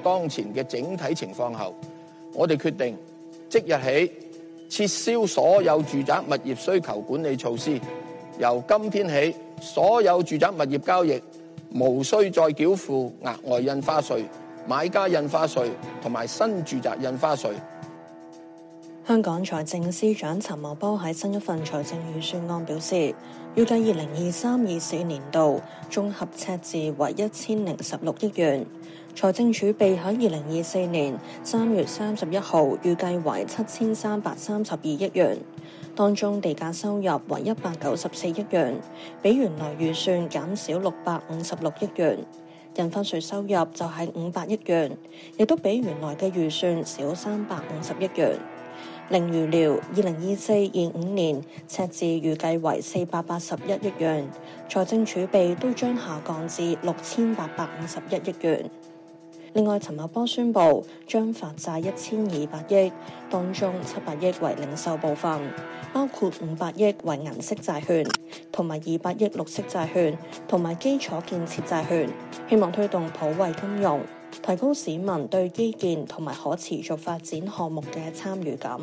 當前嘅整體情況後，我哋決定即日起撤銷所有住宅物業需求管理措施。由今天起，所有住宅物業交易無需再繳付額外印花稅、買家印花稅同埋新住宅印花稅。香港財政司長陳茂波喺新一份財政預算案表示，預計二零二三、二四年度綜合赤字為一千零十六億元。財政儲備喺二零二四年三月三十一號預計為七千三百三十二億元，當中地價收入為一百九十四億元，比原來預算減少六百五十六億元。印花稅收入就係五百億元，亦都比原來嘅預算少三百五十億元。另預料二零二四二五年赤字預計為四百八十一億元，財政儲備都將下降至六千八百五十一億元。另外，陳茂波宣布將發債一千二百億，當中七百億為零售部分，包括五百億為銀色債券，同埋二百億綠色債券，同埋基礎建設債券，希望推動普惠金融，提高市民對基建同埋可持續發展項目嘅參與感。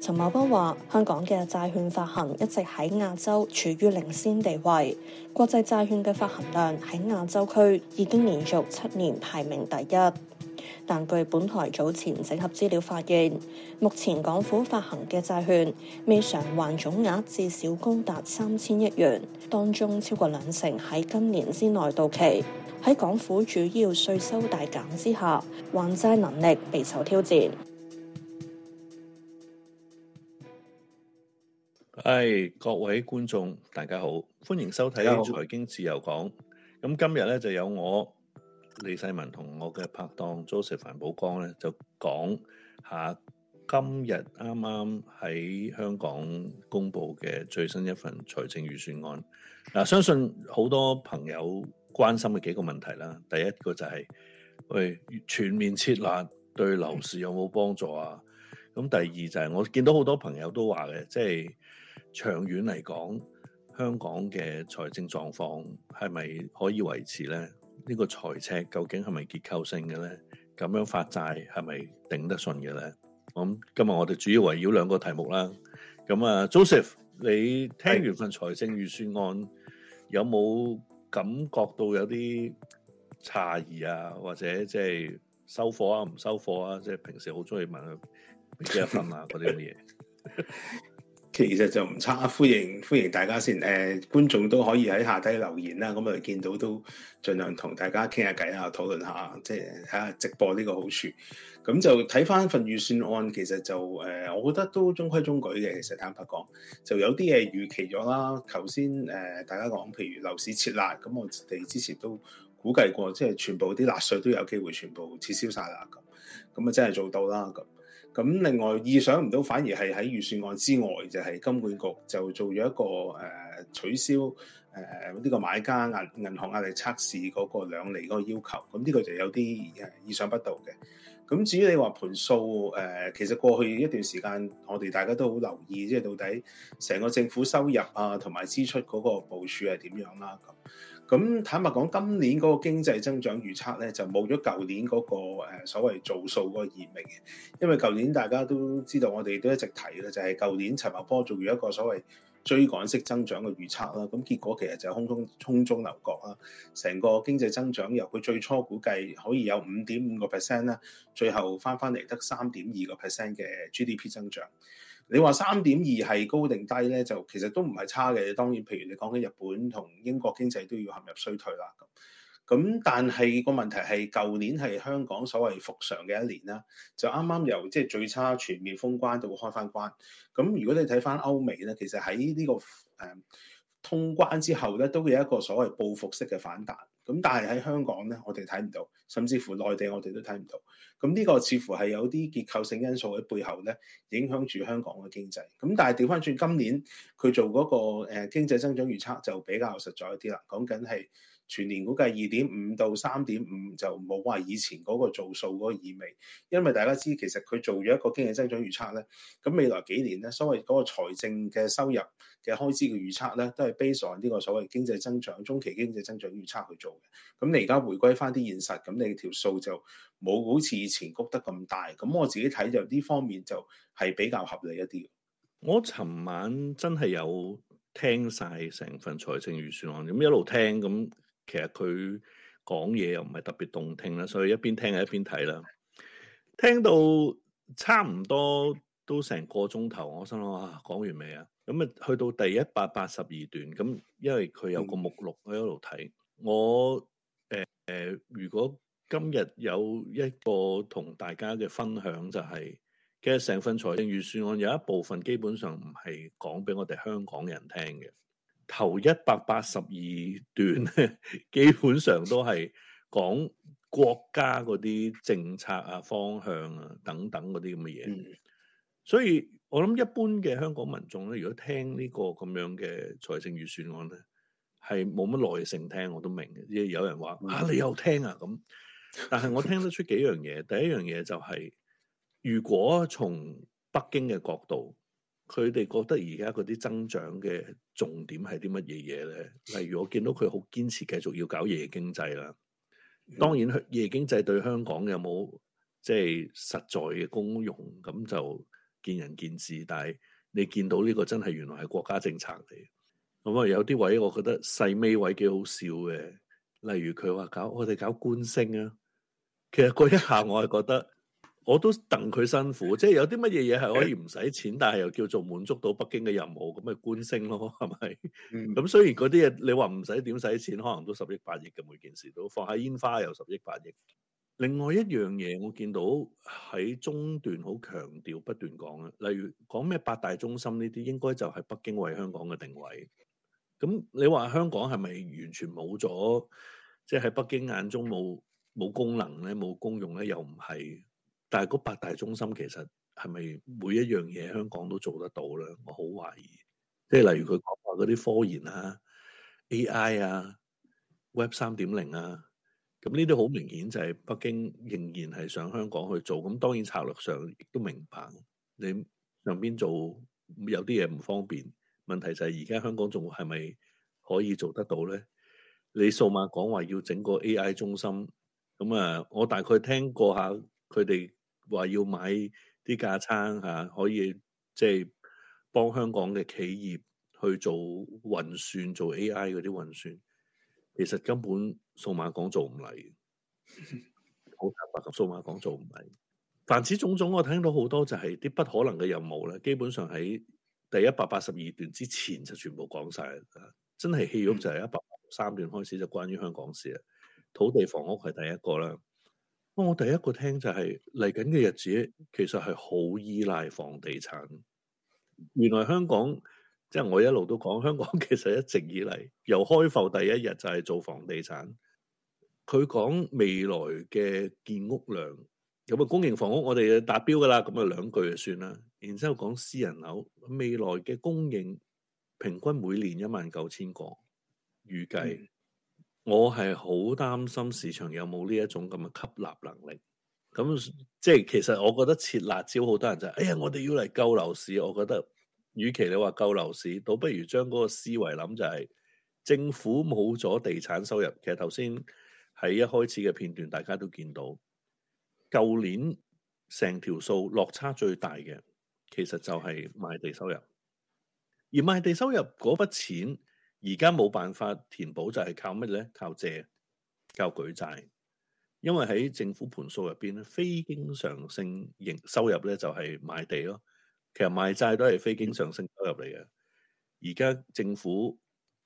陳茂波話：香港嘅債券發行一直喺亞洲處於領先地位，國際債券嘅發行量喺亞洲區已經連續七年排名第一。但據本台早前整合資料發現，目前港府發行嘅債券未償還總額至少高達三千億元，當中超過兩成喺今年之內到期。喺港府主要稅收大減之下，還債能力備受挑戰。係各位觀眾，大家好，歡迎收睇財經自由講。咁今日咧就有我利世民同我嘅拍檔 Joseph 顏寶剛咧，就講下今日啱啱喺香港公布嘅最新一份財政預算案。嗱，相信好多朋友關心嘅幾個問題啦。第一個就係，喂，全面撤辣對樓市有冇幫助啊？咁第二就係、是，我見到好多朋友都話嘅，即係。長遠嚟講，香港嘅財政狀況係咪可以維持咧？呢個財赤究竟係咪結構性嘅咧？咁樣發債係咪頂得順嘅咧？咁今日我哋主要圍繞兩個題目啦。咁啊，Joseph，你聽完份財政預算案，有冇感覺到有啲詫異啊？或者即係收貨啊，唔收貨啊？即係平時好中意問幾多分啊，嗰啲咁嘅嘢。 其實就唔差，歡迎歡迎大家先。誒、呃，觀眾都可以喺下底留言啦。咁我哋見到都盡量同大家傾下偈啊，討論下，即係睇下直播呢個好處。咁、嗯、就睇翻份預算案，其實就誒、呃，我覺得都中規中矩嘅。其實坦白講，就有啲嘢預期咗啦。頭先誒，大家講譬如樓市撤辣，咁、嗯、我哋之前都估計過，即係全部啲辣稅都有機會全部撤銷晒啦。咁咁啊，真係做到啦咁。咁另外意想唔到，反而係喺預算案之外，就係、是、金管局就做咗一個誒、呃、取消誒呢、呃這個買家銀銀行壓力測試嗰個兩釐嗰個要求。咁呢個就有啲誒意想不到嘅。咁至於你話盤數誒、呃，其實過去一段時間我哋大家都好留意，即、就、係、是、到底成個政府收入啊同埋支出嗰個部署係點樣啦。咁。咁坦白講，今年嗰個經濟增長預測咧，就冇咗舊年嗰、那個、呃、所謂做數嗰個業名嘅，因為舊年大家都知道，我哋都一直提咧，就係、是、舊年陳茂波做咗一個所謂追趕式增長嘅預測啦。咁結果其實就空中空中樓閣啦，成個經濟增長由佢最初估計可以有五點五個 percent 啦，最後翻翻嚟得三點二個 percent 嘅 GDP 增長。你話三點二係高定低咧，就其實都唔係差嘅。當然，譬如你講緊日本同英國經濟都要陷入衰退啦。咁咁，但係個問題係，舊年係香港所謂復常嘅一年啦，就啱啱由即係最差全面封關就會開翻關。咁如果你睇翻歐美咧，其實喺呢、這個誒、嗯、通關之後咧，都有一個所謂報復式嘅反彈。咁但係喺香港咧，我哋睇唔到，甚至乎內地我哋都睇唔到。咁呢個似乎係有啲結構性因素喺背後咧，影響住香港嘅經濟。咁但係掉返轉，今年佢做嗰個誒經濟增長預測就比較實在一啲啦，講緊係。全年估計二點五到三點五，就冇話以前嗰個做數嗰個意味，因為大家知其實佢做咗一個經濟增長預測咧，咁未來幾年咧所謂嗰個財政嘅收入嘅開支嘅預測咧，都係 base 喺呢個所謂經濟增長中期經濟增長預測去做嘅。咁你而家回歸翻啲現實，咁你條數就冇好似以前谷得咁大。咁我自己睇就呢方面就係比較合理一啲。我尋晚真係有聽晒成份財政預算案，咁一路聽咁。其實佢講嘢又唔係特別動聽啦，所以一邊聽一邊睇啦。聽到差唔多都成個鐘頭，我心諗啊，講完未啊？咁啊，去到第一百八十二段，咁因為佢有個目錄喺度睇。嗯、我誒、呃，如果今日有一個同大家嘅分享就係、是，其實成份財政預算案有一部分基本上唔係講俾我哋香港人聽嘅。頭一百八十二段， 基本上都係講國家嗰啲政策啊、方向啊等等嗰啲咁嘅嘢。嗯、所以我諗一般嘅香港民眾咧，如果聽呢個咁樣嘅財政預算案咧，係冇乜耐性聽。我都明，即係有人話啊，你有聽啊咁。但係我聽得出幾樣嘢。 第一樣嘢就係、是，如果從北京嘅角度。佢哋覺得而家嗰啲增長嘅重點係啲乜嘢嘢咧？例如我見到佢好堅持繼續要搞夜，夜經濟啦。當然，夜經濟對香港有冇即係實在嘅功用，咁就見仁見智。但係你見到呢個真係原來係國家政策嚟。咁、嗯、啊，有啲位我覺得細尾位幾好笑嘅，例如佢話搞我哋搞觀星啊。其實嗰一下我係覺得。 我都戥佢辛苦，即係有啲乜嘢嘢係可以唔使錢，但係又叫做滿足到北京嘅任務，咁咪官升咯，係咪？咁、嗯、雖然嗰啲嘢，你話唔使點使錢，可能都十億八億嘅，每件事都放喺煙花又十億八億。另外一樣嘢，我見到喺中段好強調，不斷講，例如講咩八大中心呢啲，應該就係北京為香港嘅定位。咁你話香港係咪完全冇咗？即係喺北京眼中冇冇功能咧，冇功用咧，又唔係？但係嗰八大中心，其實係咪每一樣嘢香港都做得到咧？我好懷疑。即係例如佢講話嗰啲科研啊、AI 啊、Web 三點零啊，咁呢啲好明顯就係北京仍然係上香港去做。咁當然策略上亦都明白，你上邊做有啲嘢唔方便。問題就係而家香港仲係咪可以做得到咧？你數碼講話要整個 AI 中心，咁啊，我大概聽過下佢哋，話要買啲架撐嚇，可以即係幫香港嘅企業去做運算，做 AI 嗰啲運算，其實根本數碼港做唔嚟，好坦白講數碼港做唔嚟。凡此種種，我聽到好多就係啲不可能嘅任務咧，基本上喺第一百八十二段之前就全部講晒啦。真係戲肉就係一百八十三段開始就關於香港事啦。土地房屋係第一個啦。我第一個聽就係嚟緊嘅日子其實係好依賴房地產。原來香港即係、就是、我一路都講香港其實一直以嚟由開埠第一日就係做房地產。佢講未來嘅建屋量咁啊，公營房屋我哋達標㗎啦，咁啊兩句就算啦。然之後講私人樓未來嘅供應平均每年一萬九千個，預計。嗯我係好擔心市場有冇呢一種咁嘅吸納能力，咁即係其實我覺得切辣椒好多人就係，哎呀，我哋要嚟救樓市。我覺得，與其你話救樓市，倒不如將嗰個思維諗就係，政府冇咗地產收入。其實頭先喺一開始嘅片段，大家都見到，舊年成條數落差最大嘅，其實就係賣地收入，而賣地收入嗰筆錢。而家冇辦法填補就係靠乜咧？靠借、靠舉債，因為喺政府盤數入邊咧，非經常性盈收入咧就係賣地咯。其實賣債都係非經常性收入嚟嘅。而家政府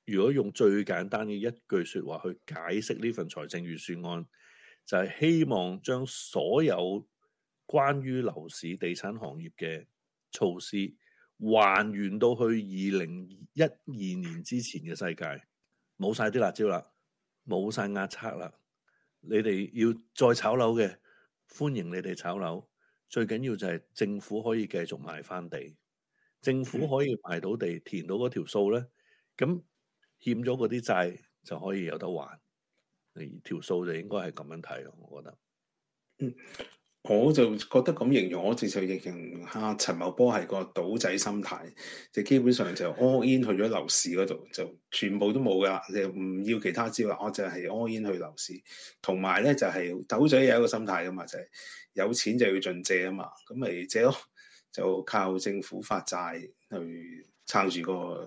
如果用最簡單嘅一句説話去解釋呢份財政預算案，就係、是、希望將所有關於樓市、地產行業嘅措施，還原到去二零一二年之前嘅世界，冇晒啲辣招啦，冇晒壓測啦。你哋要再炒樓嘅，歡迎你哋炒樓。最緊要就係政府可以繼續賣返地，政府可以賣到地填到嗰條數咧。咁欠咗嗰啲債就可以有得還。條數就應該係咁樣睇，我覺得。嗯。我就覺得咁形容，我直情形容阿陳茂波係個賭仔心態，就基本上就 all in 去咗樓市嗰度，就全部都冇噶，你唔要其他資劃，我就係 all in 去樓市。同埋呢就係、是、賭仔有一個心態噶嘛，就係、是、有錢就要盡借啊嘛，咁咪借咯，就靠政府發債去。撐住、那個誒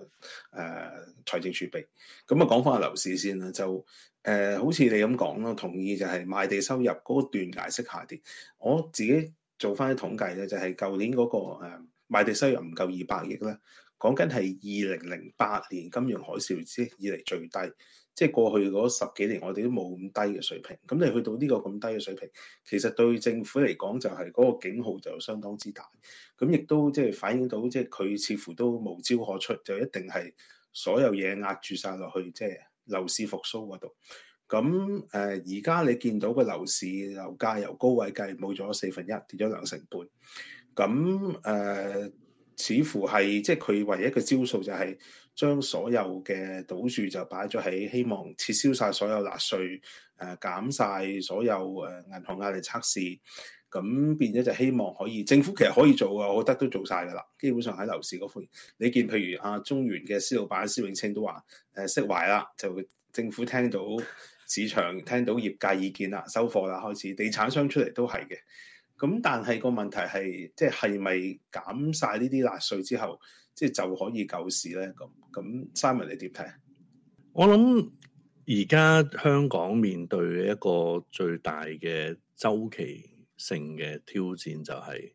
財、呃、政儲備，咁啊講翻個樓市先啦，就誒、呃、好似你咁講咯，同意就係賣地收入嗰段斷崖式下跌，我自己做翻啲統計咧、那個，就係舊年嗰個誒賣地收入唔夠二百億咧，講緊係二零零八年金融海嘯之以嚟最低。即係過去嗰十幾年，我哋都冇咁低嘅水平。咁你去到呢個咁低嘅水平，其實對政府嚟講就係嗰個警號就相當之大。咁亦都即係反映到，即係佢似乎都無招可出，就一定係所有嘢壓住晒落去，即係樓市復甦嗰度。咁誒，而家你見到個樓市樓價由高位計，冇咗四分一，跌咗兩成半。咁誒，似乎係即係佢唯一嘅招數就係。將所有嘅賭注就擺咗喺希望撤銷晒所有辣稅，誒減晒所有誒銀、呃、行壓力測試，咁變咗就希望可以政府其實可以做嘅，我覺得都做晒噶啦。基本上喺樓市嗰方面，你見譬如阿、啊、中原嘅施老闆施永青都話誒釋懷啦，就政府聽到市場聽到業界意見啦，收貨啦，開始地產商出嚟都係嘅。咁但係個問題係即係咪減晒呢啲辣稅之後？即係就可以救市咧，咁咁，三日你點睇？我諗而家香港面對一個最大嘅周期性嘅挑戰，就係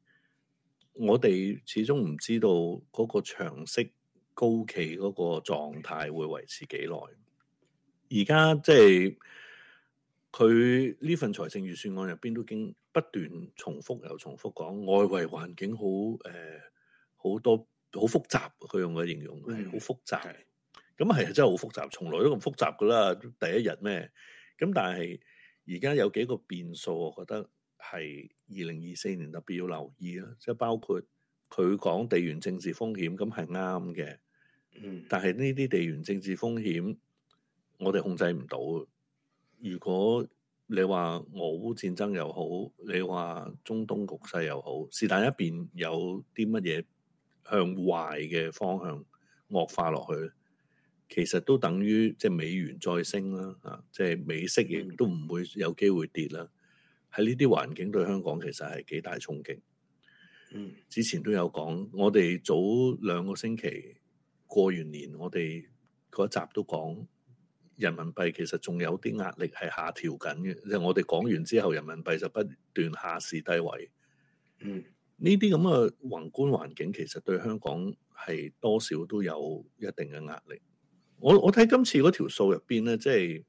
我哋始終唔知道嗰個長息高企嗰個狀態會維持幾耐。而家即係佢呢份財政預算案入邊都已經不斷重複又重複講，外圍環境好誒，好多。好複雜，佢用嘅形容係好、嗯、複雜。咁係真係好複雜，從來都咁複雜噶啦。第一日咩咁？但係而家有幾個變數，我覺得係二零二四年特別要留意啦。即係包括佢講地緣政治風險，咁係啱嘅。嗯，但係呢啲地緣政治風險我哋控制唔到。如果你話俄烏戰爭又好，你話中東局勢又好，是但一邊有啲乜嘢？向壞嘅方向惡化落去，其實都等於即係美元再升啦，啊，即係美息亦都唔會有機會跌啦。喺呢啲環境對香港其實係幾大衝擊。嗯，之前都有講，我哋早兩個星期過完年，我哋嗰一集都講人民幣其實仲有啲壓力係下調緊嘅，即係我哋講完之後，人民幣就不斷下試低位。嗯。呢啲咁嘅宏觀環境其實對香港係多少都有一定嘅壓力。我我睇今次嗰條數入邊咧，即係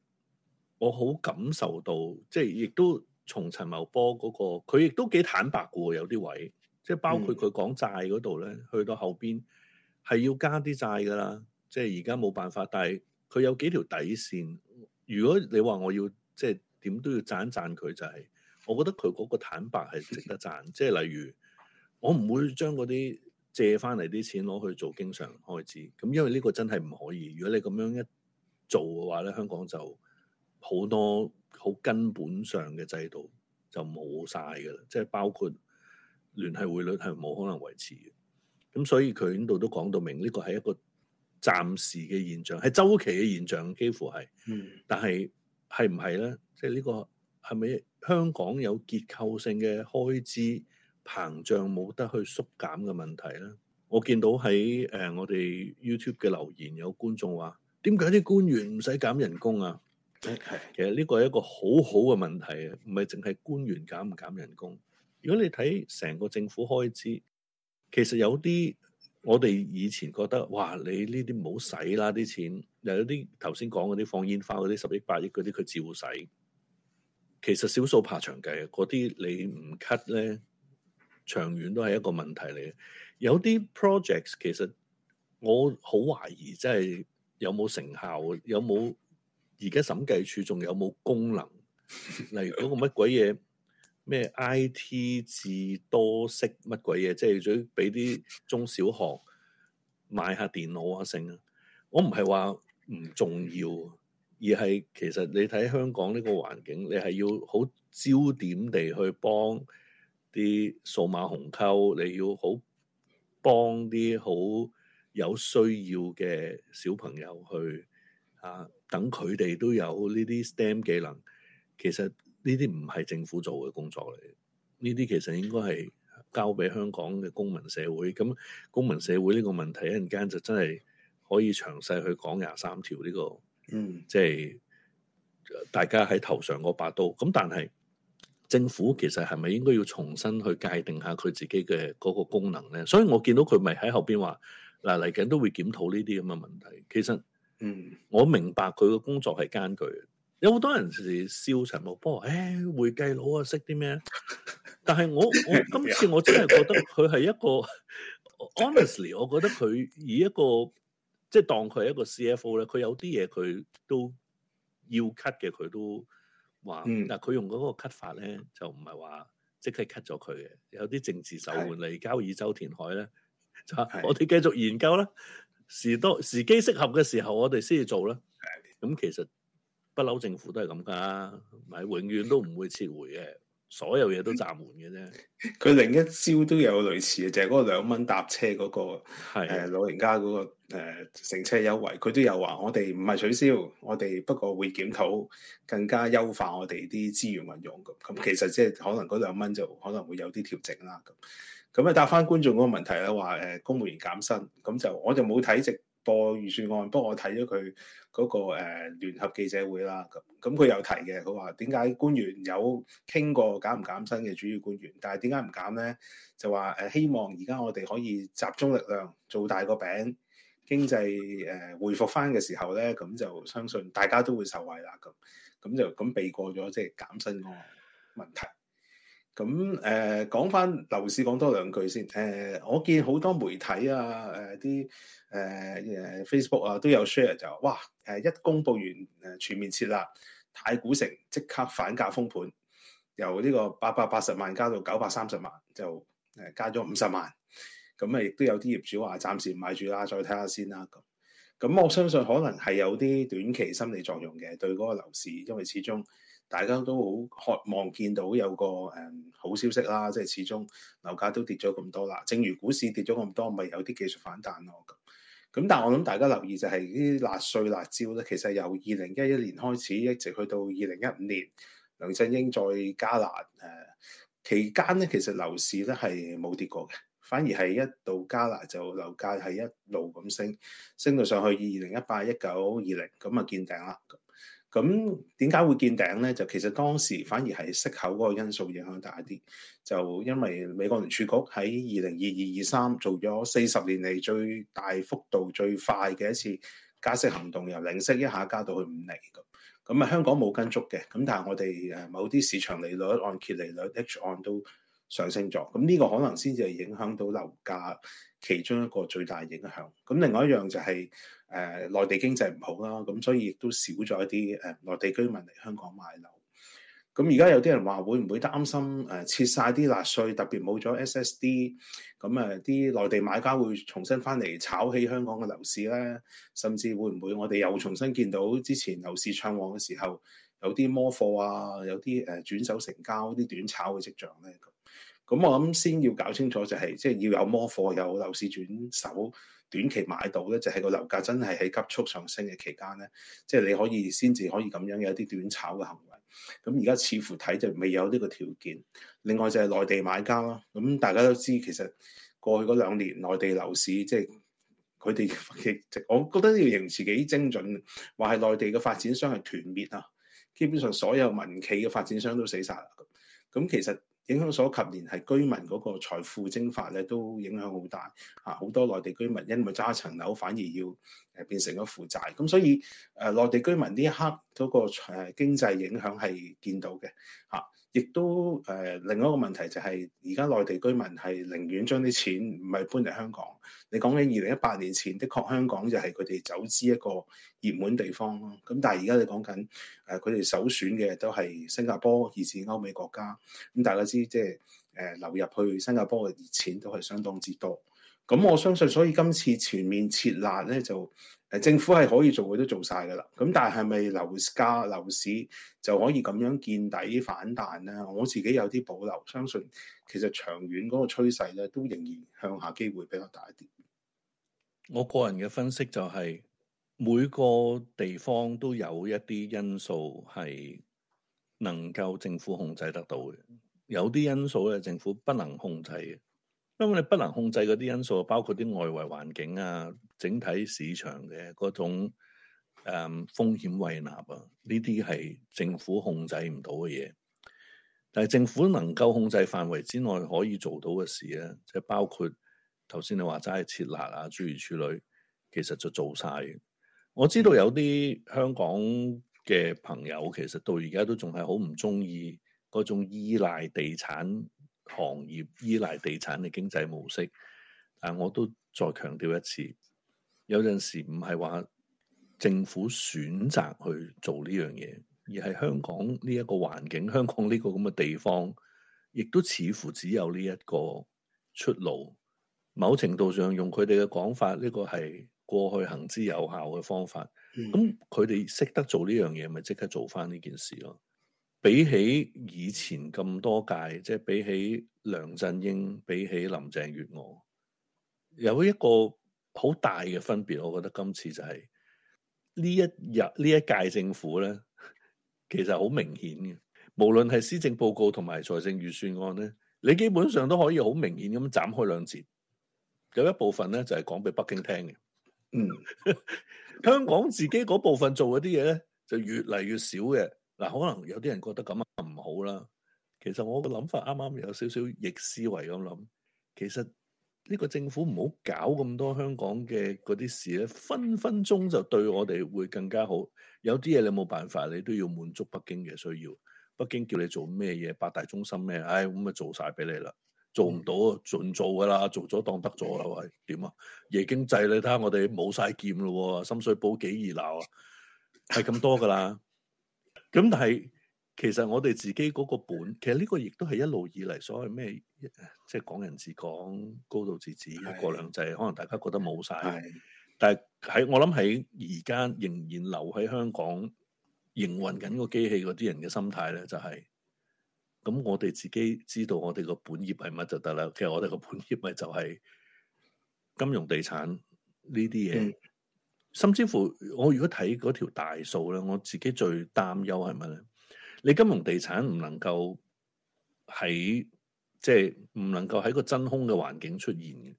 我好感受到，即係亦都從陳茂波嗰個，佢亦都幾坦白嘅喎。有啲位，即係包括佢講債嗰度咧，嗯，去到後邊係要加啲債嘅啦。即係而家冇辦法，但係佢有幾條底線。如果你話我要即係點都要讚一讚佢，就係我覺得佢嗰個坦白係值得讚。即係 例如。我唔會將嗰啲借翻嚟啲錢攞去做經常開支，咁因為呢個真係唔可以。如果你咁樣一做嘅話咧，香港就好多好根本上嘅制度就冇晒㗎喇，即係包括聯繫匯率係冇可能維持嘅。咁所以佢呢度都講到明，呢個係一個暫時嘅現象，係周期嘅現象，幾乎係。嗯。但係係唔係咧？即係呢個係咪香港有結構性嘅開支？膨脹冇得去縮減嘅問題咧，我見到喺誒、呃、我哋 YouTube 嘅留言有觀眾話：點解啲官員唔使減人工啊？係 Okay. 其實呢個係一個好好嘅問題啊，唔係淨係官員減唔減人工。如果你睇成個政府開支，其實有啲我哋以前覺得哇，你呢啲唔好使啦啲錢，又有啲頭先講嗰啲放煙花嗰啲十億、八億嗰啲，佢照使。其實少數怕長計嗰啲，你唔 cut 咧。長遠都係一個問題嚟嘅，有啲 projects 其實我好懷疑，即係有冇成效？有冇而家審計處仲有冇功能？例如嗰個乜鬼嘢咩 IT 智多識乜鬼嘢，即係想俾啲中小學買下電腦啊，剩啊？我唔係話唔重要，而係其實你睇香港呢個環境，你係要好焦點地去幫。啲數碼鴻溝，你要好幫啲好有需要嘅小朋友去啊！等佢哋都有呢啲 STEM 技能，其實呢啲唔係政府做嘅工作嚟，呢啲其實應該係交俾香港嘅公民社會。咁公民社會呢個問題一陣間就真係可以詳細去講廿三條呢個，嗯，即係大家喺頭上嗰把刀。咁但係。政府其實係咪應該要重新去界定下佢自己嘅嗰個功能咧？所以我見到佢咪喺後邊話嗱嚟緊都會檢討呢啲咁嘅問題。其實，嗯，我明白佢嘅工作係艱巨嘅，有好多人係笑陳茂波話：誒會計佬啊，識啲咩？但係我我今次我真係覺得佢係一個 honestly，我覺得佢以一個即係當佢係一個 CFO 咧，佢有啲嘢佢都要 cut 嘅，佢都。話嗱，佢哇、嗯、用嗰個 cut 法咧，就唔係話即刻 cut 咗佢嘅，有啲政治手腕嚟的交椅洲填海咧，就我哋繼續研究啦的，時多時機適合嘅時候我，我哋先至做啦。咁其實不嬲，政府都係咁噶，咪永遠都唔會撤回嘅。所有嘢都砸門嘅啫，佢另一招都有類似嘅，就係、是、嗰個兩蚊搭車嗰、那個，係誒是的、呃、老人家嗰、那個誒、呃、乘車優惠，佢都有話我哋唔係取消，我哋不過會檢討，更加優化我哋啲資源運用咁，咁其實即係可能嗰兩蚊就可能會有啲調整啦咁。咁啊答翻觀眾嗰個問題咧，話誒公務員減薪，咁就我就冇睇直播預算案，不過我睇咗佢。嗰、那個誒、呃、聯合記者會啦，咁咁佢有提嘅，佢話點解官員有傾過減唔減薪嘅主要官員，但係點解唔減呢？就話誒、呃、希望而家我哋可以集中力量做大個餅，經濟誒回、呃、復翻嘅時候呢，咁就相信大家都會受惠啦。咁咁就咁避過咗即係減薪嗰個問題。咁誒、呃、講翻樓市講多兩句先誒、呃，我見好多媒體啊誒啲誒誒 Facebook 啊都有 share 就哇誒一公佈完誒全面撤辣，太古城即刻反價封盤，由呢個八百八十萬加到九百三十萬就誒加咗五十萬，咁誒亦都有啲業主話暫時唔買住啦，再睇下先啦咁。咁我相信可能係有啲短期心理作用嘅，對嗰個樓市，因為始終。大家都好渴望見到有個誒、嗯、好消息啦，即係始終樓價都跌咗咁多啦。正如股市跌咗咁多，咪有啲技術反彈咯。咁，咁但係我諗大家留意就係啲辣稅辣招咧，其實由二零一一年開始，一直去到二零一五年，梁振英再加辣誒、呃、期間咧，其實樓市咧係冇跌過嘅，反而係一到加辣就樓價係一路咁升，升到上去二零一八、一九、二零咁啊見頂啦。咁點解會見頂呢？就其實當時反而係息口嗰個因素影響大啲，就因為美國聯儲局喺二零二二二三做咗四十年嚟最大幅度最快嘅一次加息行動，由零息一下加到去五厘。咁。咁啊香港冇跟足嘅，咁但係我哋誒某啲市場利率按揭利率 H 按都上升咗，咁呢個可能先至係影響到樓價其中一個最大影響。咁另外一樣就係、是。誒內地經濟唔好啦，咁所以亦都少咗一啲誒內地居民嚟香港買樓。咁而家有啲人話會唔會擔心誒撤晒啲辣稅，特別冇咗 SSD，咁誒啲內地買家會重新翻嚟炒起香港嘅樓市咧？甚至會唔會我哋又重新見到之前樓市暢旺嘅時候有啲摩貨啊，有啲誒轉手成交、啲短炒嘅跡象咧？咁我諗先要搞清楚就係即係要有摩貨，有樓市轉手。短期買到咧，就係、是、個樓價真係喺急速上升嘅期間咧，即、就、係、是、你可以先至可以咁樣有一啲短炒嘅行為。咁而家似乎睇就未有呢個條件。另外就係內地買家啦，咁大家都知其實過去嗰兩年內地樓市即係佢哋嘅，我覺得呢個形容幾精準，話係內地嘅發展商係團滅啊，基本上所有民企嘅發展商都死晒啦。咁其實，影響所及，連係居民嗰個財富蒸發咧，都影響好大。啊，好多內地居民因為揸層樓，反而要誒變成咗負債。咁所以誒、呃、內地居民呢一刻嗰個誒經濟影響係見到嘅。嚇、啊，亦都誒、呃、另一個問題就係、是，而家內地居民係寧願將啲錢唔係搬嚟香港。你講緊二零一八年前，的確香港就係佢哋走資一個熱門地方咯。咁但係而家你講緊誒，佢哋首選嘅都係新加坡，以至歐美國家。咁大家知即係誒流入去新加坡嘅熱錢都係相當之多。咁我相信，所以今次全面撤辣咧，就誒政府係可以做嘅都做晒㗎啦。咁但係係咪樓價樓市就可以咁樣見底反彈咧？我自己有啲保留，相信其實長遠嗰個趨勢咧，都仍然向下機會比較大啲。我個人嘅分析就係、是、每個地方都有一啲因素係能夠政府控制得到嘅，有啲因素咧政府不能控制嘅。因為你不能控制嗰啲因素，包括啲外圍環境啊、整體市場嘅嗰種誒、嗯、風險胃納啊，呢啲係政府控制唔到嘅嘢。但係政府能夠控制範圍之內可以做到嘅事咧，即、就、係、是、包括。頭先你話齋設立啊，諸如此類，其實就做晒。我知道有啲香港嘅朋友其實到而家都仲係好唔中意嗰種依賴地產行業、依賴地產嘅經濟模式。但我都再強調一次，有陣時唔係話政府選擇去做呢樣嘢，而係香港呢一個環境、香港呢個咁嘅地方，亦都似乎只有呢一個出路。某程度上，用佢哋嘅講法，呢個係過去行之有效嘅方法。咁佢哋識得做呢樣嘢，咪即刻做翻呢件事咯。比起以前咁多屆，即係比起梁振英，比起林鄭月娥，有一個好大嘅分別。我覺得今次就係、係、呢一日呢一屆政府咧，其實好明顯嘅。無論係施政報告同埋財政預算案咧，你基本上都可以好明顯咁斬開兩截。有一部分咧就係講俾北京聽嘅，嗯， 香港自己嗰部分做嗰啲嘢咧就越嚟越少嘅，嗱、啊，可能有啲人覺得咁啊唔好啦，其實我個諗法啱啱有少少逆思維咁諗，其實呢個政府唔好搞咁多香港嘅嗰啲事咧，分分鐘就對我哋會更加好。有啲嘢你冇辦法，你都要滿足北京嘅需要。北京叫你做咩嘢，八大中心咩，唉、哎，咁啊做晒俾你啦。做唔到啊，盡做噶啦，做咗當得咗啦，喂，點啊？夜經濟你睇下，我哋冇晒劍咯，深水埗幾熱鬧啊，係咁多噶啦。咁 但係其實我哋自己嗰個本，其實呢個亦都係一路以嚟，所謂咩，即係講人自講、高度自治、一國兩制，可能大家覺得冇晒。 但係喺我諗喺而家仍然留喺香港營運緊個機器嗰啲人嘅心態咧，就係、是。咁我哋自己知道我哋個本業係乜就得啦。其實我哋個本業咪就係金融地產呢啲嘢，嗯、甚至乎我如果睇嗰條大數咧，我自己最擔憂係乜咧？你金融地產唔能夠喺即係唔能夠喺個真空嘅環境出現嘅。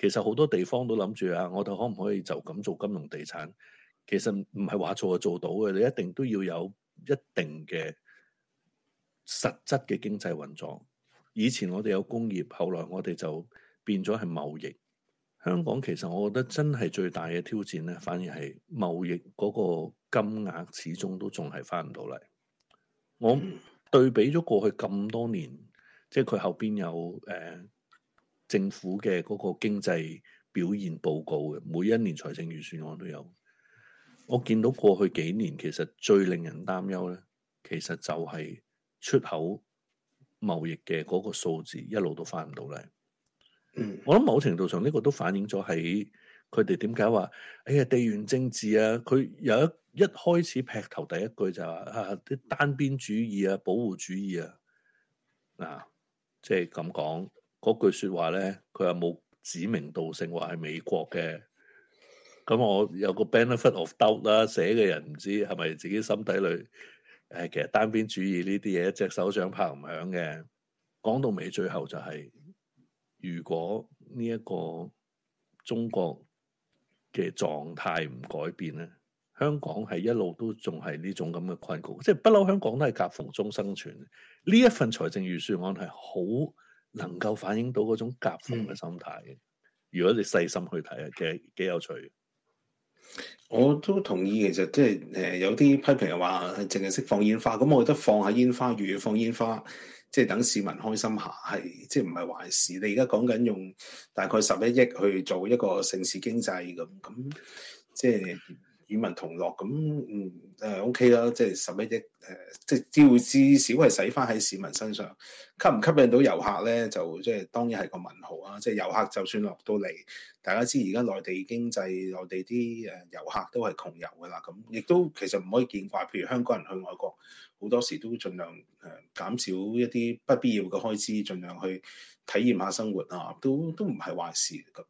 其實好多地方都諗住啊，我哋可唔可以就咁做金融地產？其實唔係話做就做,做到嘅，你一定都要有一定嘅。實質嘅經濟運作，以前我哋有工業，後來我哋就變咗係貿易。香港其實我覺得真係最大嘅挑戰咧，反而係貿易嗰個金額始終都仲係翻唔到嚟。我對比咗過去咁多年，即係佢後邊有誒、呃、政府嘅嗰個經濟表現報告嘅，每一年財政預算案都有。我見到過去幾年其實最令人擔憂咧，其實就係、是。出口貿易嘅嗰個數字一路都翻唔到嚟， 我諗某程度上呢個都反映咗喺佢哋點解話，哎呀地緣政治啊，佢有一一開始劈頭第一句就話啊啲單邊主義啊、保護主義啊，嗱、啊，即係咁講嗰句話呢說話咧，佢又冇指名道姓話係美國嘅，咁我有個 benefit of doubt 啦，啊，寫嘅人唔知係咪自己心底裏。誒，其實單邊主義呢啲嘢，一隻手掌拍唔響嘅。講到尾最後就係、是，如果呢一個中國嘅狀態唔改變咧，香港係一路都仲係呢種咁嘅困局，即係不嬲香港都係夾縫中生存。呢一份財政預算案係好能夠反映到嗰種夾縫嘅心態。嗯、如果你細心去睇啊，其實幾幾有趣。我都同意，其實即係誒，有啲批評係話淨係識放煙花，咁我覺得放下煙花，月月放煙花，即係等市民開心下，係，即係唔係壞事。你而家講緊用大概十一億去做一個城市經濟咁，咁即係。與民同樂咁，嗯誒 O K 啦，即係十一億誒，即係只要至少係使翻喺市民身上，吸唔吸引到遊客咧，就即係當然係個問號啊！即係遊客就算落到嚟，大家知而家內地經濟內地啲誒遊客都係窮遊㗎啦，咁亦都其實唔可以見怪。譬如香港人去外國，好多時都儘量誒、呃、減少一啲不必要嘅開支，儘量去體驗下生活啊，都都唔係壞事。咁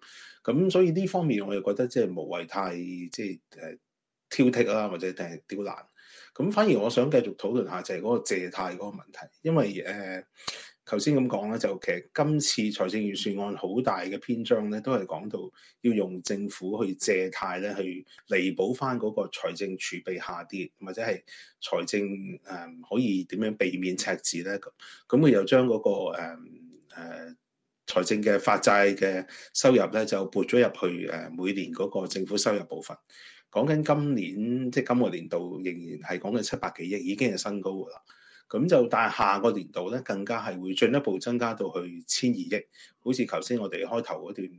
咁所以呢方面，我又覺得即係無謂太即係誒。呃挑剔啦，或者定係刁難，咁反而我想繼續討論下就係嗰個借貸嗰個問題，因為誒頭先咁講咧，就其實今次財政預算案好大嘅篇章咧，都係講到要用政府去借貸咧，去彌補返嗰個財政儲備下跌，或者係財政誒、呃、可以點樣避免赤字咧？咁咁佢又將嗰、那個誒誒、呃、財政嘅發債嘅收入咧，就撥咗入去誒每年嗰個政府收入部分。講緊今年即係今個年度仍然係講緊七百幾億，已經係新高啦。咁就但係下個年度咧，更加係會進一步增加到去千二億。好似頭先我哋開頭嗰段誒誒、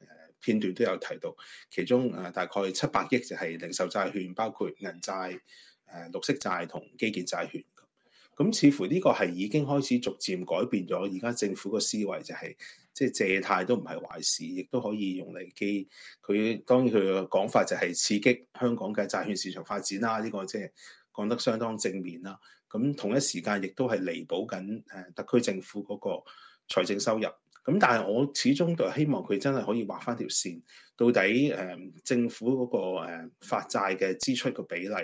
嗯、片段都有提到，其中誒大概七百億就係零售債券，包括銀債、誒綠色債同基建債券。咁似乎呢個係已經開始逐漸改變咗，而家政府個思維就係，即係借貸都唔係壞事，亦都可以用嚟基，佢當然佢嘅講法就係刺激香港嘅債券市場發展啦。呢個即係講得相當正面啦。咁同一時間亦都係彌補緊誒特區政府嗰個財政收入。咁但係我始終都希望佢真係可以畫返條線，到底誒政府嗰個誒發債嘅支出嘅比例，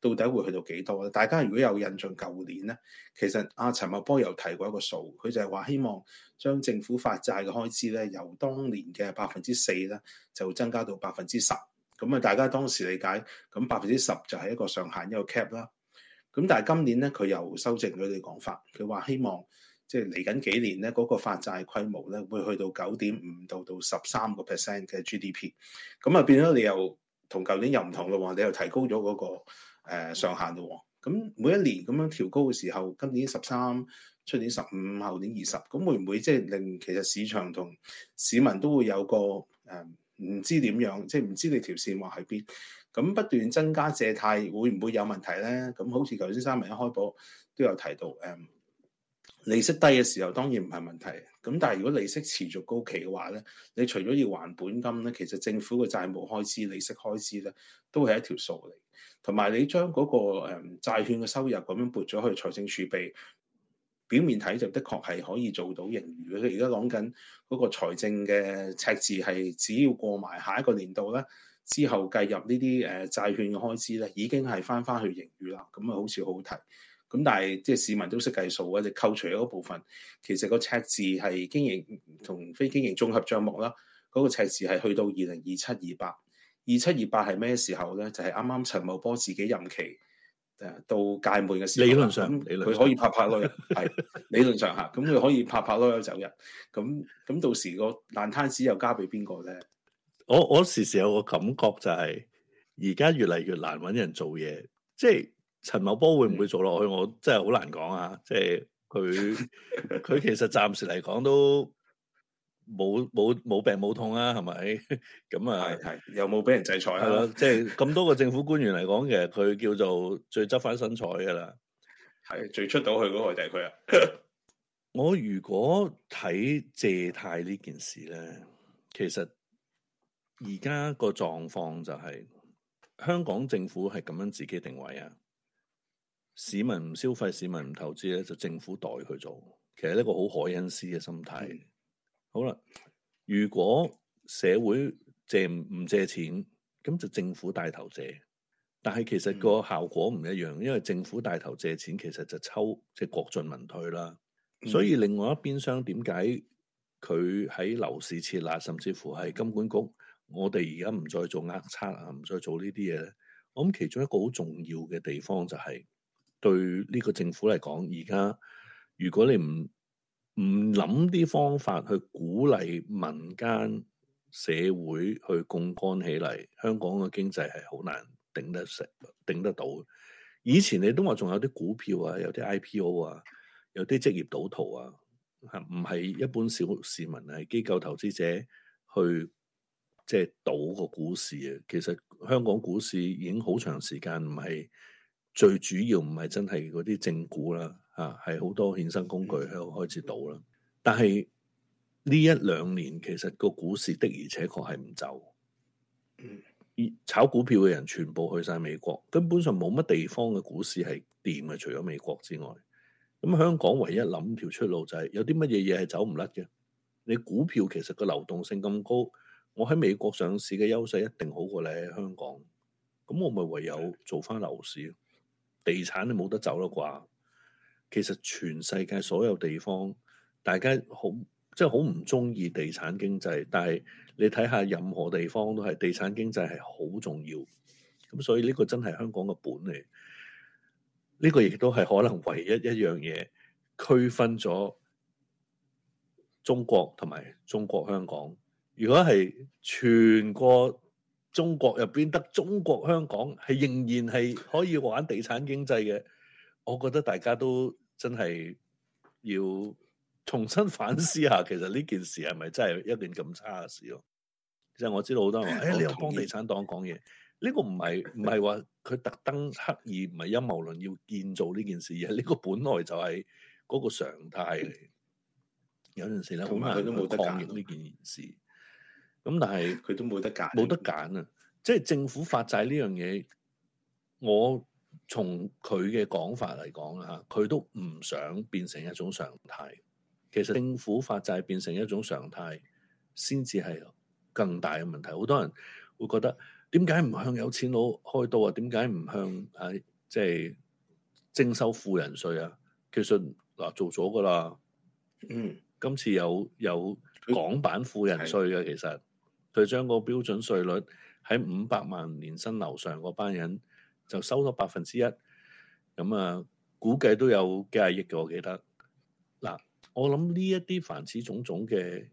到底會去到幾多咧？大家如果有印象舊年咧，其實阿、啊、陳茂波又提過一個數，佢就係話希望將政府發債嘅開支咧，由當年嘅百分之四咧，就增加到百分之十。咁啊，大家當時理解咁百分之十就係、是、一個上限，一個 cap 啦。咁但係今年咧，佢又修正佢哋講法，佢話希望。即係嚟緊幾年咧，嗰個發債規模咧會去到九點五到到十三個 percent 嘅 GDP，咁啊變咗你又同舊年又唔同咯喎，你又提高咗嗰個誒上限咯喎，咁每一年咁樣調高嘅時候，今年十三、出年十五、後年二十，咁會唔會即係令其實市場同市民都會有個誒唔知點樣，即係唔知你條線話喺邊，咁不斷增加借貸會唔會有問題咧？咁好似頭先世民一開波都有提到誒。呃利息低嘅時候當然唔係問題，咁但係如果利息持續高企嘅話咧，你除咗要還本金咧，其實政府嘅債務開支、利息開支咧，都係一條數嚟。同埋你將嗰個誒債券嘅收入咁樣撥咗去財政儲備，表面睇就的確係可以做到盈餘嘅。而家講緊嗰個財政嘅赤字係只要過埋下一個年度咧，之後計入呢啲誒債券嘅開支咧，已經係翻翻去盈餘啦。咁啊，好似好好睇。咁但係即係市民都識計數啊！你扣除嗰部分，其實個赤字係經營同非經營綜合帳目啦。嗰、那個赤字係去到二零二七二八，二七二八係咩時候咧？就係啱啱陳茂波自己任期誒到屆滿嘅時候。理論上，理論佢可以拍拍攞，係、嗯、理論上嚇，咁佢 可以拍拍攞走人。咁、嗯、咁、嗯、到時個爛攤子又交俾邊個咧？我我時時有個感覺就係，而家越嚟越難揾人做嘢，即係。陳茂波會唔會做落去？嗯、我真係好難講啊！即係佢佢其實暫時嚟講都冇冇冇病冇痛啊，係咪？咁 啊，係 有冇俾人制裁 啊？即係咁多個政府官員嚟講， 其實佢叫做最執翻身彩噶啦，係最出到去嗰個就係佢啊！我如果睇借貸呢件事咧，其實而家個狀況就係香港政府係咁樣自己定位啊。市民唔消費，市民唔投資咧，就政府代佢做。其實呢個好凱恩斯嘅心態。好啦，如果社會借唔借錢，咁就政府帶頭借。但係其實個效果唔一樣，嗯、因為政府帶頭借錢，其實就抽，即係國進民退啦。所以另外一邊廂，點解佢喺樓市撤辣，甚至乎係金管局，我哋而家唔再做壓測啊，唔再做呢啲嘢咧？我諗其中一個好重要嘅地方就係。對呢個政府嚟講，而家如果你唔唔諗啲方法去鼓勵民間社會去槓桿起嚟，香港嘅經濟係好難頂得成、頂得到。以前你都話仲有啲股票啊，有啲 IPO 啊，有啲職業賭徒啊，吓唔係一般小市民，係機構投資者去即係賭個股市啊。其實香港股市已經好長時間唔係。最主要唔係真係嗰啲正股啦，吓係好多衍生工具喺度開始賭啦。但係呢一兩年，其實個股市的而且確係唔走。炒股票嘅人全部去晒美國，根本上冇乜地方嘅股市係掂嘅，除咗美國之外，咁香港唯一諗條出路就係、是、有啲乜嘢嘢係走唔甩嘅。你股票其實個流動性咁高，我喺美國上市嘅優勢一定好過你喺香港，咁我咪唯有做翻樓市。地產都冇得走啦啩，其實全世界所有地方，大家好即係好唔中意地產經濟，但係你睇下任何地方都係地產經濟係好重要，咁所以呢個真係香港嘅本嚟，呢個亦都係可能唯一一樣嘢區分咗中國同埋中國香港。如果係全國。中國入邊得中國香港係仍然係可以玩地產經濟嘅，我覺得大家都真係要重新反思下，其實呢件事係咪真係一件咁差嘅事咯？即係我知道好多人話，誒、哎，你有幫地產黨講嘢，呢、這個唔係唔係話佢特登刻意唔係陰謀論要建造呢件事，而係呢個本來就係嗰個常態嚟。嗯、有陣時咧，本嚟佢都冇得抗逆呢件事。咁但係佢都冇得揀，冇得揀啊！即係政府發債呢樣嘢，我從佢嘅講法嚟講啦吓，佢都唔想變成一種常態。其實政府發債變成一種常態，先至係更大嘅問題。好多人會覺得，點解唔向有錢佬開刀啊？點解唔向誒即係徵收富人稅啊？其實嗱、啊、做咗噶啦，嗯，今次有有港版富人稅嘅、啊，他其實。就將個標準稅率喺五百萬年薪樓上嗰班人就收多百分之一咁啊，估計都有幾廿億嘅。我記得嗱，我諗呢一啲凡此種種嘅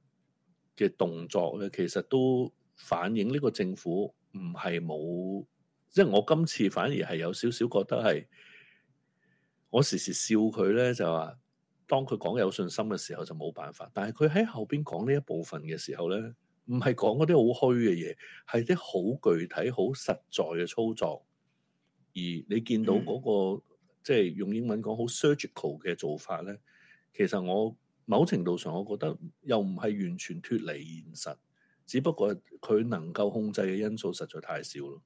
嘅動作咧，其實都反映呢個政府唔係冇，即係我今次反而係有少少覺得係我時時笑佢咧，就話當佢講有信心嘅時候就冇辦法，但係佢喺後邊講呢一部分嘅時候咧。唔係講嗰啲好虛嘅嘢，係啲好具體、好實在嘅操作。而你見到嗰、嗰個、嗯、即係用英文講好 surgical 嘅做法咧，其實我某程度上我覺得又唔係完全脫離現實，只不過佢能夠控制嘅因素實在太少咯。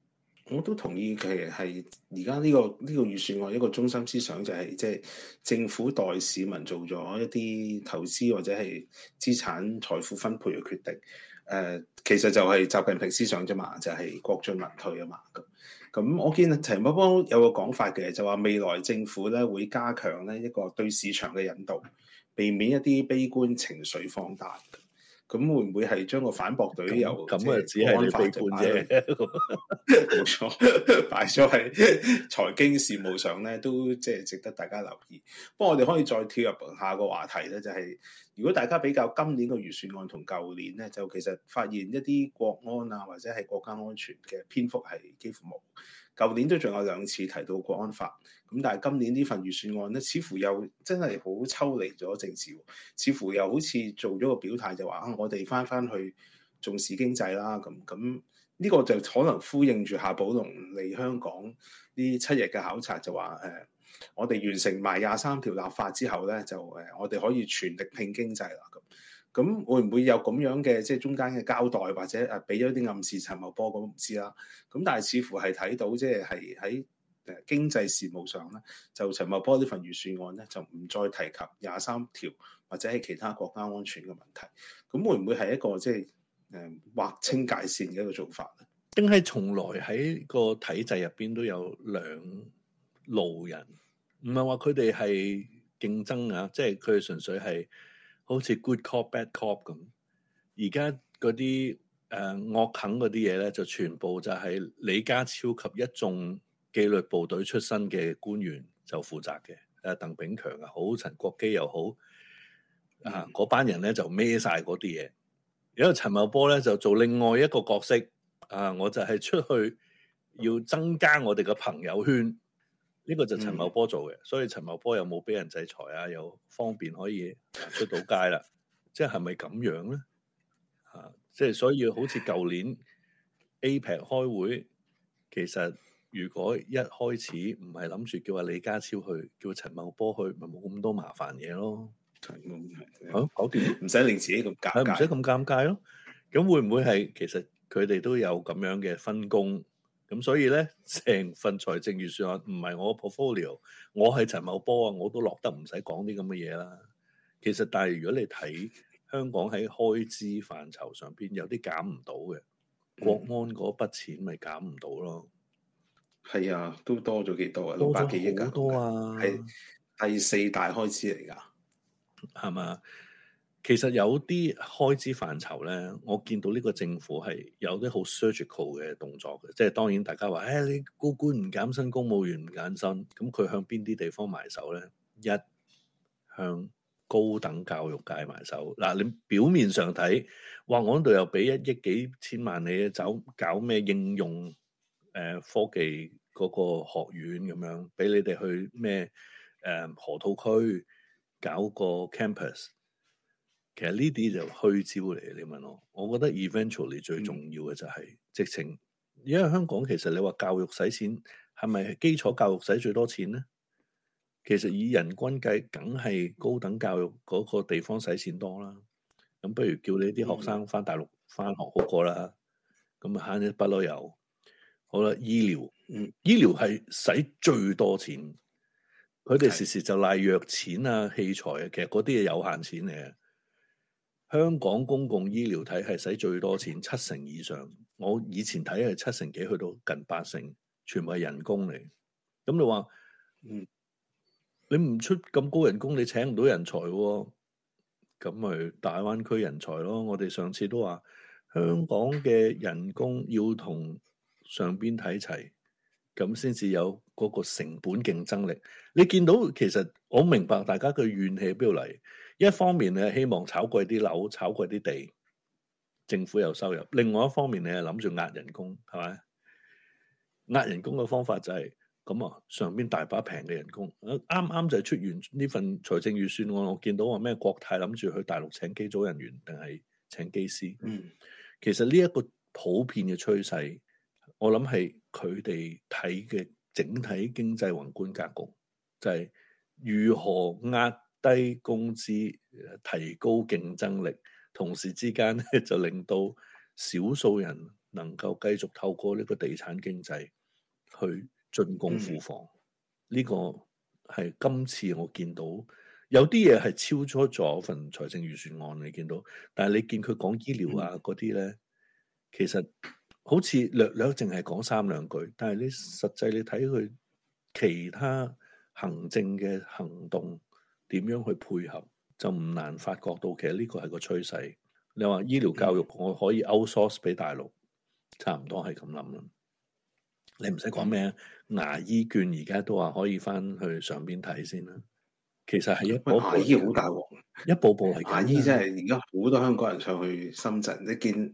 我都同意，其實係而家呢個呢、呢個預算案一個中心思想就係即係政府代市民做咗一啲投資或者係資產財富分配嘅決定。誒、呃，其實就係習近平思想啫嘛，就係、是、國進民退啊嘛。咁咁，我見陳伯邦有個講法嘅，就話、是、未來政府咧會加強咧一個對市場嘅引導，避免一啲悲觀情緒放大。咁會唔會係將個反駁隊又咁啊？是只係啲悲觀啫，冇錯，擺咗喺財經事務上咧，都即係值得大家留意。不過我哋可以再跳入下個話題咧，就係、是。如果大家比較今年嘅預算案同舊年呢，就其實發現一啲國安啊或者係國家安全嘅篇幅係幾乎冇。舊年都仲有兩次提到國安法，咁但係今年呢份預算案呢，似乎又真係好抽離咗政治，似乎又好似做咗個表態就話啊，我哋返返去重視經濟啦，咁咁呢個就可能呼應住夏寶龍嚟香港呢七日嘅考察就話誒。啊我哋完成埋廿三條立法之後咧，就誒，我哋可以全力拼經濟啦。咁，咁會唔會有咁樣嘅即係中間嘅交代，或者誒俾咗啲暗示陳茂波？我唔知啦。咁但係似乎係睇到即係係喺誒經濟事務上咧，就陳茂波呢份預算案咧，就唔再提及廿三條或者係其他國家安全嘅問題。咁會唔會係一個即係誒劃清界線嘅一個做法呢？定係從來喺個體制入邊都有兩路人？唔係話佢哋係競爭啊，即係佢哋純粹係好似 good cop bad cop 咁。而家嗰啲誒惡啃嗰啲嘢咧，就全部就係李家超及一眾紀律部隊出身嘅官員就負責嘅。誒、呃，鄧炳強又好，陳國基又好啊，嗰、嗯、班人咧就孭晒嗰啲嘢。因為陳茂波咧就做另外一個角色啊，我就係出去要增加我哋嘅朋友圈。呢個就陳茂波做嘅，嗯、所以陳茂波又冇俾人制裁啊？又方便可以出到街啦， 即係係咪咁樣咧？啊，即係所以好似舊年 APEC 開會，其實如果一開始唔係諗住叫阿李家超去，叫陳茂波去，咪冇咁多麻煩嘢咯。好、 啊，搞掂，唔使令自己咁尷尬，唔使咁尷尬咯。咁會唔會係其實佢哋都有咁樣嘅分工？咁所以咧，成份財政預算案唔係我 portfolio，我係陳茂波啊，我都落得唔使講啲咁嘅嘢啦。其實，但係如果你睇香港喺開支範疇上邊，有啲減唔到嘅，國安嗰筆錢咪減唔到咯。係、嗯、啊，都多咗幾多啊？多百幾億啊？多啊！係第四大開支嚟噶，係嘛？其實有啲開支範疇咧，我見到呢個政府係有啲好 surgical 嘅動作嘅，即係當然大家話：哎，你高官唔減薪，公務員唔減薪，咁佢向邊啲地方埋手咧？一向高等教育界埋手。嗱、啊，你表面上睇，哇！我嗰度又俾一億幾千萬你，走搞咩應用誒、呃、科技嗰個學院咁樣，俾你哋去咩誒、呃、河套區搞個 campus。其實呢啲就虛招嚟，你問我，我覺得 eventually 最重要嘅就係、是嗯、直情，因為香港其實你話教育使錢係咪基礎教育使最多錢咧？其實以人均計，梗係高等教育嗰個地方使錢多啦。咁不如叫你啲學生翻大陸翻、嗯、學個好過啦，咁啊慳一筆咯又好啦。醫療，嗯，醫療係使最多錢，佢哋時時就賴藥錢啊、器材啊，其實嗰啲嘢有限錢嚟啊。香港公共醫療體系使最多錢，七成以上，我以前睇係七成幾去到近八成，全部係人工嚟。咁你話，嗯，你唔出咁高人工，你請唔到人才喎，哦？咁咪大灣區人才咯？我哋上次都話，香港嘅人工要同上邊睇齊，咁先至有嗰個成本競爭力。你見到其實我明白大家嘅怨氣喺邊度嚟？一方面你係，希望炒貴啲樓，炒貴啲地，政府有收入；另外一方面，你係諗住壓人工，係咪？壓人工嘅方法就係咁啊，上邊大把平嘅人工。啱啱就係出完呢份財政預算案，我見到話咩國泰諗住去大陸請機組人員，定係請機師。嗯，其實呢一個普遍嘅趨勢，我諗係佢哋睇嘅整體經濟宏觀格局，就係如何壓。低工資，提高競爭力，同時之間咧就令到少數人能夠繼續透過呢個地產經濟去進攻庫房。呢、嗯、個係今次我見到有啲嘢係超出咗份財政預算案，你見到，但係你見佢講醫療啊嗰啲咧，嗯、其實好似略略淨係講三兩句，但係你實際你睇佢其他行政嘅行動，點樣去配合就唔難發覺到，其實呢個係個趨勢。你話醫療教育，我可以 outsource 俾大陸，差唔多係咁諗啦。你唔使講咩牙醫券，而家都話可以翻去上邊睇先啦。其實係因為牙醫好大鑊，一步步嚟。牙醫真係而家好多香港人上去深圳，一見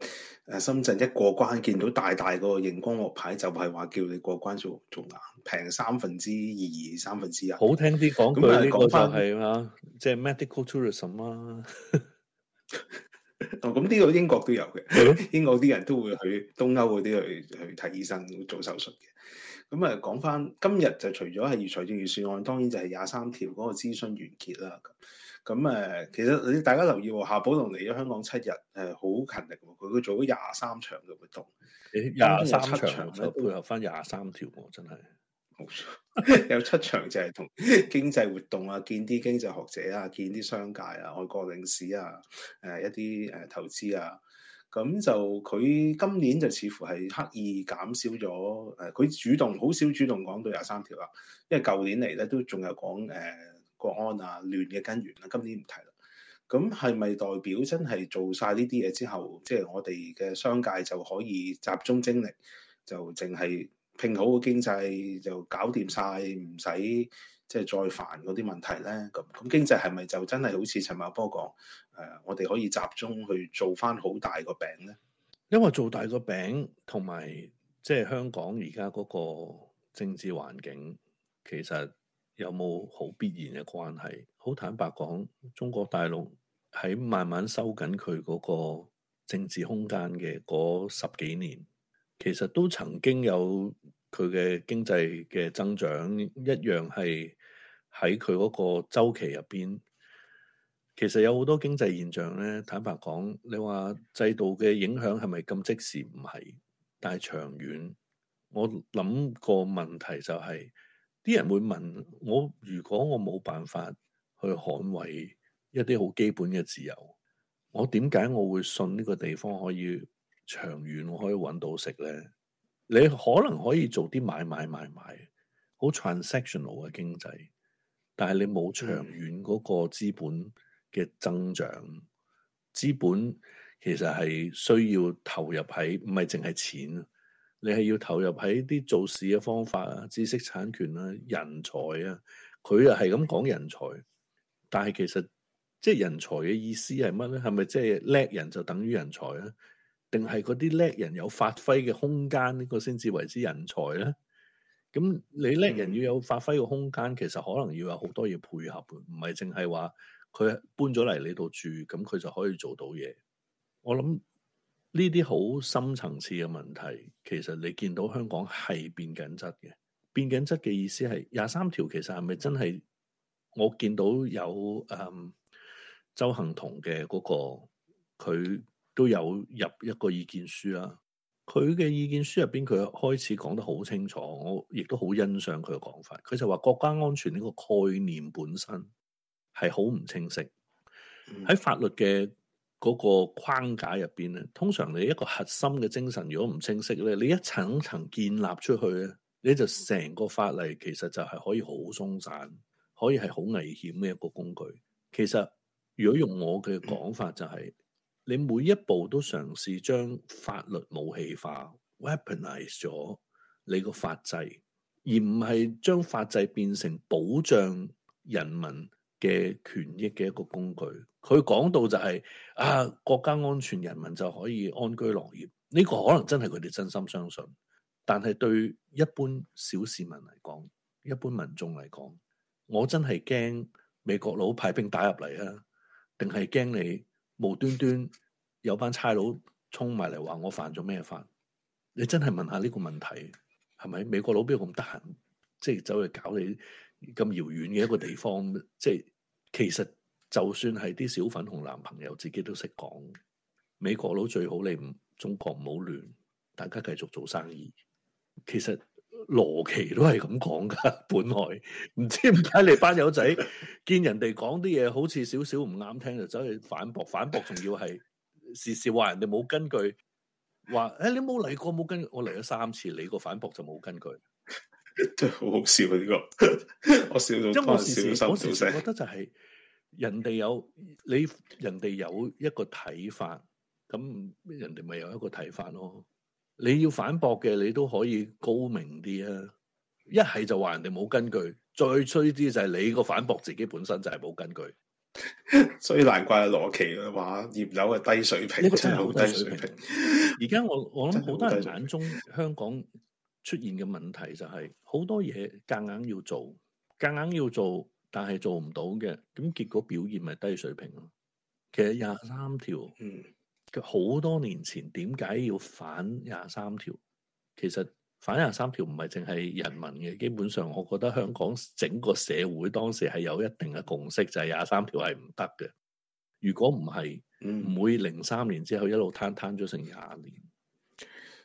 誒深圳一過關，見到大大個熒光樂牌，就係、是、話叫你過關做做牙，平三分之二、三分之一，好聽啲講。咁講翻係嘛，即係 medical tourism 啦、啊。 哦，咁呢個英國都有嘅， 英國啲人都會去東歐嗰啲去去睇醫生做手術嘅。咁啊，講翻今日就除咗係預財政預算案，當然就係廿三條嗰個諮詢完結啦。咁、嗯、誒，其實你大家留意、哦，夏寶龍嚟咗香港七日，誒好勤力喎、哦，佢佢做咗廿三場嘅活動，廿三場咧配合翻廿三條喎，真係冇錯，有七場就係同經濟活動啊，見啲經濟學者啊，見啲商界啊，外國領事啊，誒、呃、一啲誒、呃、投資啊。咁就佢今年就似乎係刻意減少咗，誒，佢主動好少主動講到廿三條啦，因為舊年嚟咧都仲有講誒、呃、國安啊亂嘅根源啦，今年唔提啦。咁係咪代表真係做晒呢啲嘢之後，即係我哋嘅商界就可以集中精力，就淨係拼好個經濟，就搞掂晒，唔使？即係再煩嗰啲問題咧，咁咁經濟係咪就真係好似陳茂波講？誒、呃，我哋可以集中去做翻好大個餅咧。因為做大個餅同埋，即係香港而家嗰個政治環境，其實有冇好必然嘅關係？好坦白講，中國大陸喺慢慢收緊佢嗰個政治空間嘅嗰十幾年，其實都曾經有佢嘅經濟嘅增長一樣係。喺佢嗰個周期入邊，其實有好多經濟現象咧。坦白講，你話制度嘅影響係咪咁即時？唔係，但係長遠，我諗個問題就係、是，啲人會問我：如果我冇辦法去捍衛一啲好基本嘅自由，我點解我會信呢個地方可以長遠可以搵到食咧？你可能可以做啲買買買買，好 transactional 嘅經濟。但係你冇長遠嗰個資本嘅增長，資本其實係需要投入喺，唔係淨係錢，你係要投入喺啲做事嘅方法啊、知識產權啊、人才啊。佢又係咁講人才，但係其實即係人才嘅意思係乜咧？係咪即係叻人就等於人才啊？定係嗰啲叻人有發揮嘅空間呢個先至為之人才咧？咁你叻人要有發揮嘅空間，其實可能要有好多嘢配合，唔係淨係話佢搬咗嚟你度住，咁佢就可以做到嘢。我諗呢啲好深層次嘅問題，其實你見到香港係變緊質嘅，變緊質嘅意思係廿三條其實係咪真係、嗯、我見到有誒、嗯、周行同嘅嗰個佢都有入一個意見書啦、啊。佢嘅意見書入邊，佢開始講得好清楚。我亦都好欣賞佢嘅講法。佢就話國家安全呢個概念本身係好唔清晰。喺法律嘅嗰個框架入邊咧，通常你一個核心嘅精神如果唔清晰咧，你一層層建立出去咧，你就成個法例其實就係可以好鬆散，可以係好危險嘅一個工具。其實如果用我嘅講法就係、是。你每一步都嘗試將法律武器化，weaponize 咗你個法制，而唔係將法制變成保障人民嘅權益嘅一個工具。佢講到就係啊，國家安全，人民就可以安居樂業。呢個可能真係佢哋真心相信，但係對一般小市民嚟講，一般民眾嚟講，我真係驚美國佬派兵打入嚟啊，定係驚你？無端端有班差佬衝埋嚟話我犯咗咩法？你真係問下呢個問題係咪美國佬邊有咁得閒？即係走去搞你咁遙遠嘅一個地方？即係其實就算係啲小粉紅男朋友自己都識講，美國佬最好你唔中國唔好亂，大家繼續做生意。其實。羅奇都係咁講噶，本來唔知點解你班友仔見人哋講啲嘢，好似少少唔啱聽，就走去反駁，反駁仲要係時時話人哋冇根據，話誒、欸，你冇嚟過冇跟我嚟咗三次，你個反駁就冇根據，真係好好笑啊！呢、這個我笑到當 時、時，我時時覺得就係、是、人哋有你，人哋有一個睇法，咁人哋咪有一個睇法咯。你要反駁嘅，你都可以高明啲啊！一係就話人哋冇根據，再衰啲就係你個反駁自己本身就係冇根據， 所以難怪羅奇嘅話葉劉係低水平，一個真係好低水平。而家我我諗好 多人眼中香港出現嘅問題就係、是、好多嘢夾硬，硬要做，夾硬，硬要做，但係做唔到嘅，咁結果表現咪低水平咯。其實廿三條，嗯。好多年前點解要反廿三條？其實反廿三條唔係淨係人民嘅，基本上我覺得香港整個社會當時係有一定嘅共識，就係廿三條係唔得嘅。如果唔係，唔、嗯、會零三年之後一路攤攤咗成廿年。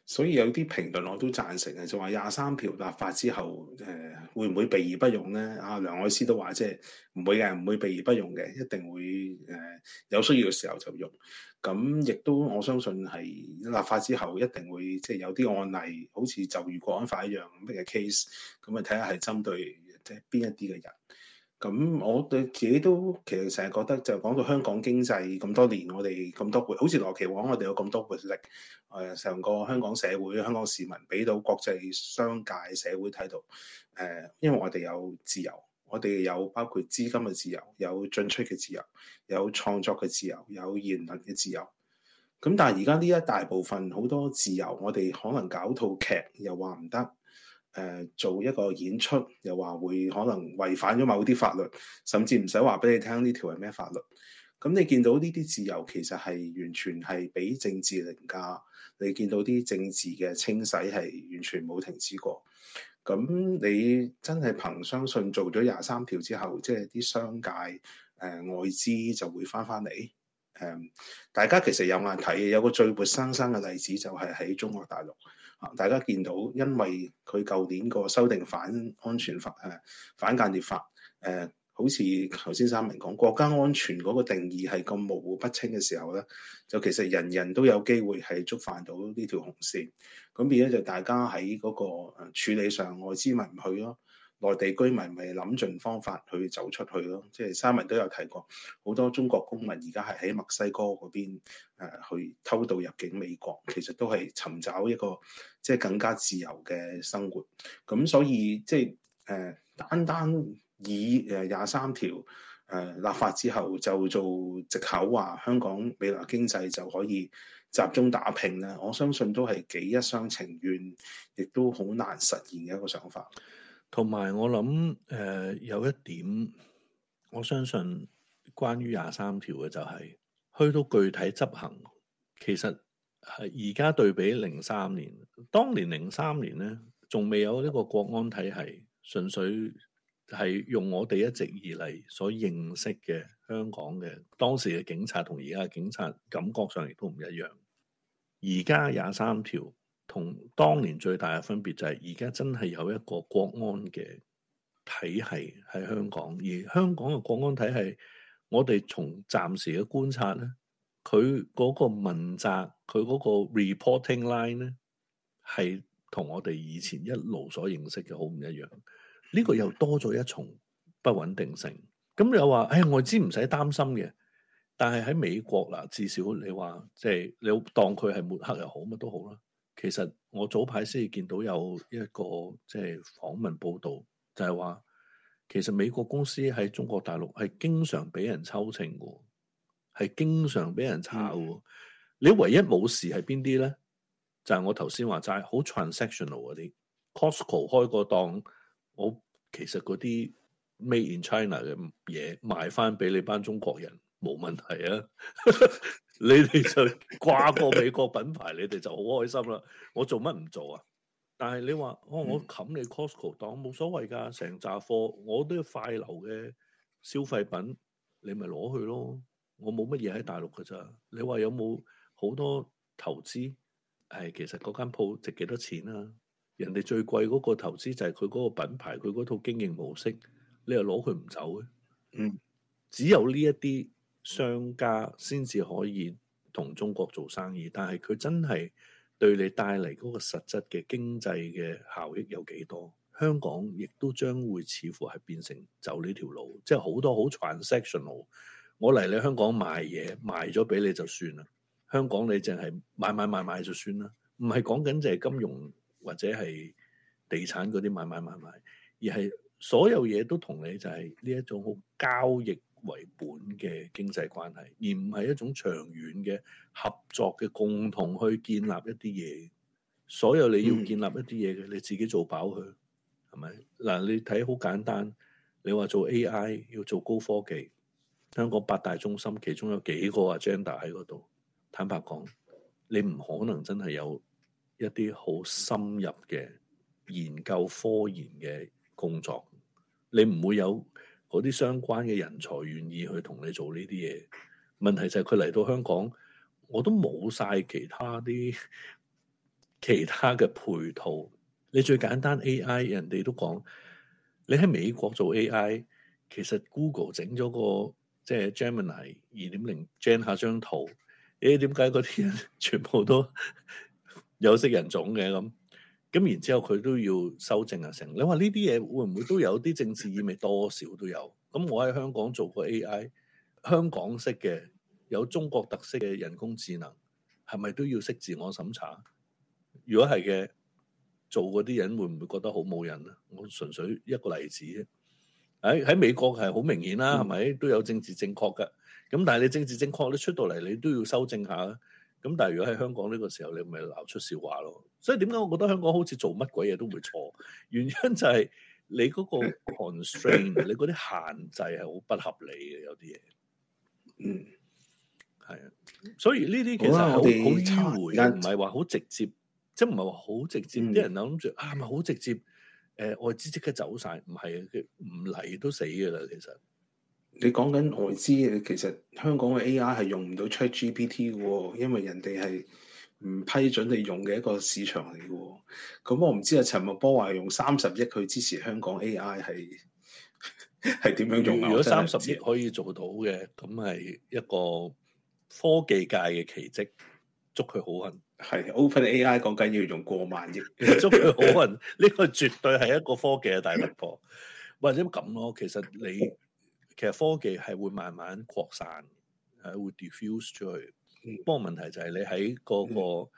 所以有啲評論我都贊成嘅，就話廿三條立法之後，誒、呃、會唔會避而不用咧？阿、啊、梁愛詩都話即係唔會嘅，唔會避而不用嘅，一定會誒、呃、有需要嘅時候就用。咁亦都我相信係立法之後一定會，即係有啲案例，好似就如國安法一樣咩 case，咁啊睇下係針對即係邊一啲嘅人。咁我對自己都其實成日覺得就講到香港經濟咁多年，我哋咁多回，好似羅奇講，我哋有咁多活力，誒，成個香港社會，香港市民俾到國際商界社會睇到，誒、呃，因為我哋有自由。我哋有包括資金嘅自由，有進出嘅自由，有創作嘅自由，有言論嘅自由。咁但係而家呢一大部分好多自由，我哋可能搞套劇又話唔得，誒、呃、做一個演出又話會可能違反咗某啲法律，甚至唔使話俾你聽呢條係咩法律。咁你見到呢啲自由其實係完全係俾政治凌駕，你見到啲政治嘅清洗係完全冇停止過。咁你真係憑相信做咗廿三條之後，即係啲商界誒、呃、外資就會翻翻嚟誒？大家其實有眼睇，有個最活生生嘅例子就係喺中國大陸啊！大家見到因為佢舊年個修訂反安全法誒、呃、反間諜法誒。呃好似頭先三文講，國家安全嗰個定義係咁模糊不清嘅時候咧，就其實人人都有機會係觸犯到呢條紅線。咁變咗就大家喺嗰個誒處理上，外資咪唔去咯，內地居民咪諗盡方法去走出去咯。即係三文都有提過，好多中國公民而家係喺墨西哥嗰邊誒去偷渡入境美國，其實都係尋找一個即係更加自由嘅生活。咁所以即係誒單單，以誒廿三條誒立法之後，就做藉口話香港未來經濟就可以集中打拼啦。我相信都係幾一廂情願，亦都好難實現嘅一個想法。同埋，我諗誒有一點，我相信關於廿三條嘅就係、是、去到具體執行，其實係而家對比零三年，當年零三年咧，仲未有呢個國安體系，純粹。係用我哋一直以嚟所認識嘅香港嘅當時嘅警察同而家嘅警察感覺上亦都唔一樣。而家廿三條同當年最大嘅分別就係，而家真係有一個國安嘅體係喺香港。而香港嘅國安體系，我哋從暫時嘅觀察呢，佢嗰個問責，佢嗰個 reporting line 呢，係同我哋以前一路所認識嘅好唔一樣。呢個又多咗一重不穩定性，咁又話誒外資唔使擔心嘅，但係喺美國啦，至少你話即係你當佢係抹黑又好乜都好啦。其實我早排先至見到有一個即係、就是、訪問報道，就係、是、話其實美國公司喺中國大陸係經常俾人抽秤嘅，係經常俾人抄嘅。嗯、你唯一冇事係邊啲咧？就係、是、我頭先話齋好 transactional 嗰啲，Costco 開個檔我。其實嗰啲 Made in China 嘅嘢賣翻俾你班中國人冇問題啊！ 你哋就掛個美國品牌，你哋就好開心啦。我做乜唔做啊？但係你話、哦，我冚你 Costco，但冇所謂噶。成扎貨，我都要快流嘅消費品，你咪攞去咯。我冇乜嘢喺大陸噶咋？你話有冇好多投資？係、哎、其實嗰間鋪值幾多錢啊？人哋最貴嗰個投資就係佢嗰個品牌，佢嗰套經營模式，你又攞佢唔走嘅。嗯，只有呢一啲商家先至可以同中國做生意，但係佢真係對你帶嚟嗰個實質嘅經濟嘅效益有幾多？香港亦都將會似乎係變成走呢條路，即係好多好 transactional，我嚟你香港賣嘢賣咗俾你就算啦。香港你淨係買買買買就算啦，唔係講緊淨係金融。或者係地產嗰啲買買買買買，而係所有嘢，都同你就係呢一種好交易為本嘅經濟關係，而唔係一種長遠嘅合作嘅共同去建立一啲嘢。所有你要建立一啲嘢嘅，嗯、你自己做飽佢係咪？嗱，你睇好簡單，你話做 AI 要做高科技，香港八大中心其中有幾個啊 agenda 喺嗰度？坦白講，你唔可能真係有。一啲好深入嘅研究、科研嘅工作，你唔會有嗰啲相關嘅人才願意去同你做呢啲嘢。問題就係佢嚟到香港，我都冇晒其他啲其他嘅配套。你最簡單 A I，人哋都講你喺美國做 A I，其實 Google 整咗個即係 Gemini 二點零 jam 下張圖，誒，點解嗰啲人全部都？有色人種嘅，咁，咁然之後佢都要修正啊成。你話呢啲嘢會唔會都有啲政治意味？多少都有。咁我喺香港做過 AI，香港式嘅有中國特色嘅人工智能，係咪都要識自我審查？如果係嘅，做嗰啲人會唔會覺得好冇癮啊？我純粹一個例子啫。喺喺美國係好明顯啦、啊，係咪都有政治正確㗎？咁但係你政治正確，你出到嚟你都要修正下。咁但係如果喺香港呢個時候，你咪鬧出笑話咯。所以點解我覺得香港好似做乜鬼嘢都會錯？原因就係你嗰個 constraint，你嗰啲限制係好不合理嘅，有啲嘢。嗯，係啊。所以呢啲其實係好迂、啊、迴，唔係話好直接，即係唔係話好直接？啲、嗯、人諗住啊，咪好直接？誒、呃，外資即刻走晒，唔係啊，唔嚟都死㗎啦，其實。你講緊外資其實香港嘅 AI 係用唔到 ChatGPT 嘅喎，因為人哋係唔批准你用嘅一個市場嚟嘅喎。咁我唔知啊，陳茂波話用三十億去支持香港 AI 係係點樣用啊？如果三十億可以做到嘅，咁係一個科技界嘅奇蹟，祝佢好運。係 OpenAI 講緊要用過萬億，祝佢好運。呢個絕對係一個科技嘅大突破， 或者咁咯。其實你。其實科技係會慢慢擴散，誒會 diffuse 出去。嗯、不過問題就係你喺嗰個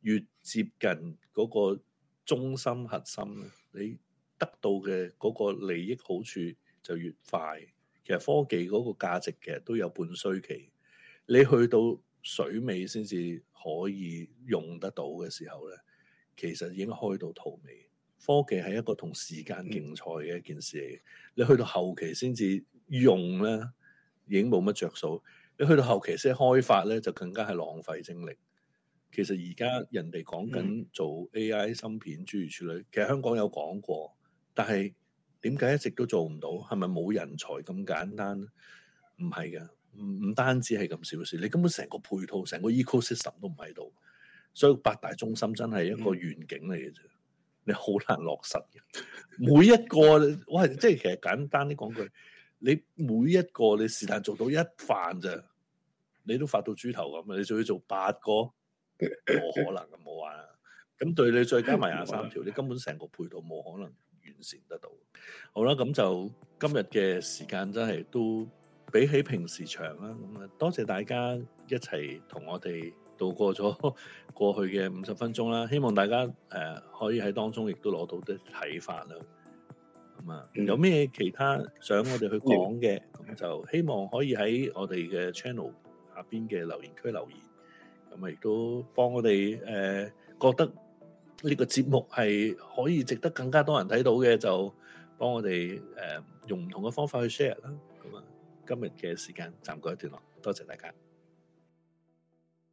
越接近嗰個中心核心，嗯、你得到嘅嗰個利益好處就越快。其實科技嗰個價值其實都有半衰期，你去到水尾先至可以用得到嘅時候咧，其實已經開到荼薇。科技係一個同時間競賽嘅一件事嚟，嗯、你去到後期先至。用咧已經冇乜着數，你去到後期先開發咧就更加係浪費精力。其實而家人哋講緊做 AI 芯片，諸如此類，其實香港有講過，但係點解一直都做唔到？係咪冇人才咁簡單？唔係嘅，唔唔單止係咁小事，你根本成個配套、成個 ecosystem 都唔喺度，所以八大中心真係一個願景嚟嘅啫，嗯、你好難落實嘅。每一個我係即係其實簡單啲講句。你每一個你是但做到一飯啫，你都發到豬頭咁啊！你仲要做八個，冇 可能嘅，冇玩啦！咁對你再加埋廿三條，你根本成個配套冇可能完善得到。好啦，咁就今日嘅時間真係都比起平時長啦。咁啊，多謝大家一齊同我哋度過咗過去嘅五十分鐘啦。希望大家誒、呃、可以喺當中亦都攞到啲睇法啦。嗯、有咩其他想我哋去講嘅，咁、嗯嗯、就希望可以喺我哋嘅 channel 下邊嘅留言區留言，咁啊亦都幫我哋誒、呃、覺得呢個節目係可以值得更加多人睇到嘅，就幫我哋誒、呃、用唔同嘅方法去 share 啦。咁、嗯、啊，今日嘅時間暫告一段落，多謝大家。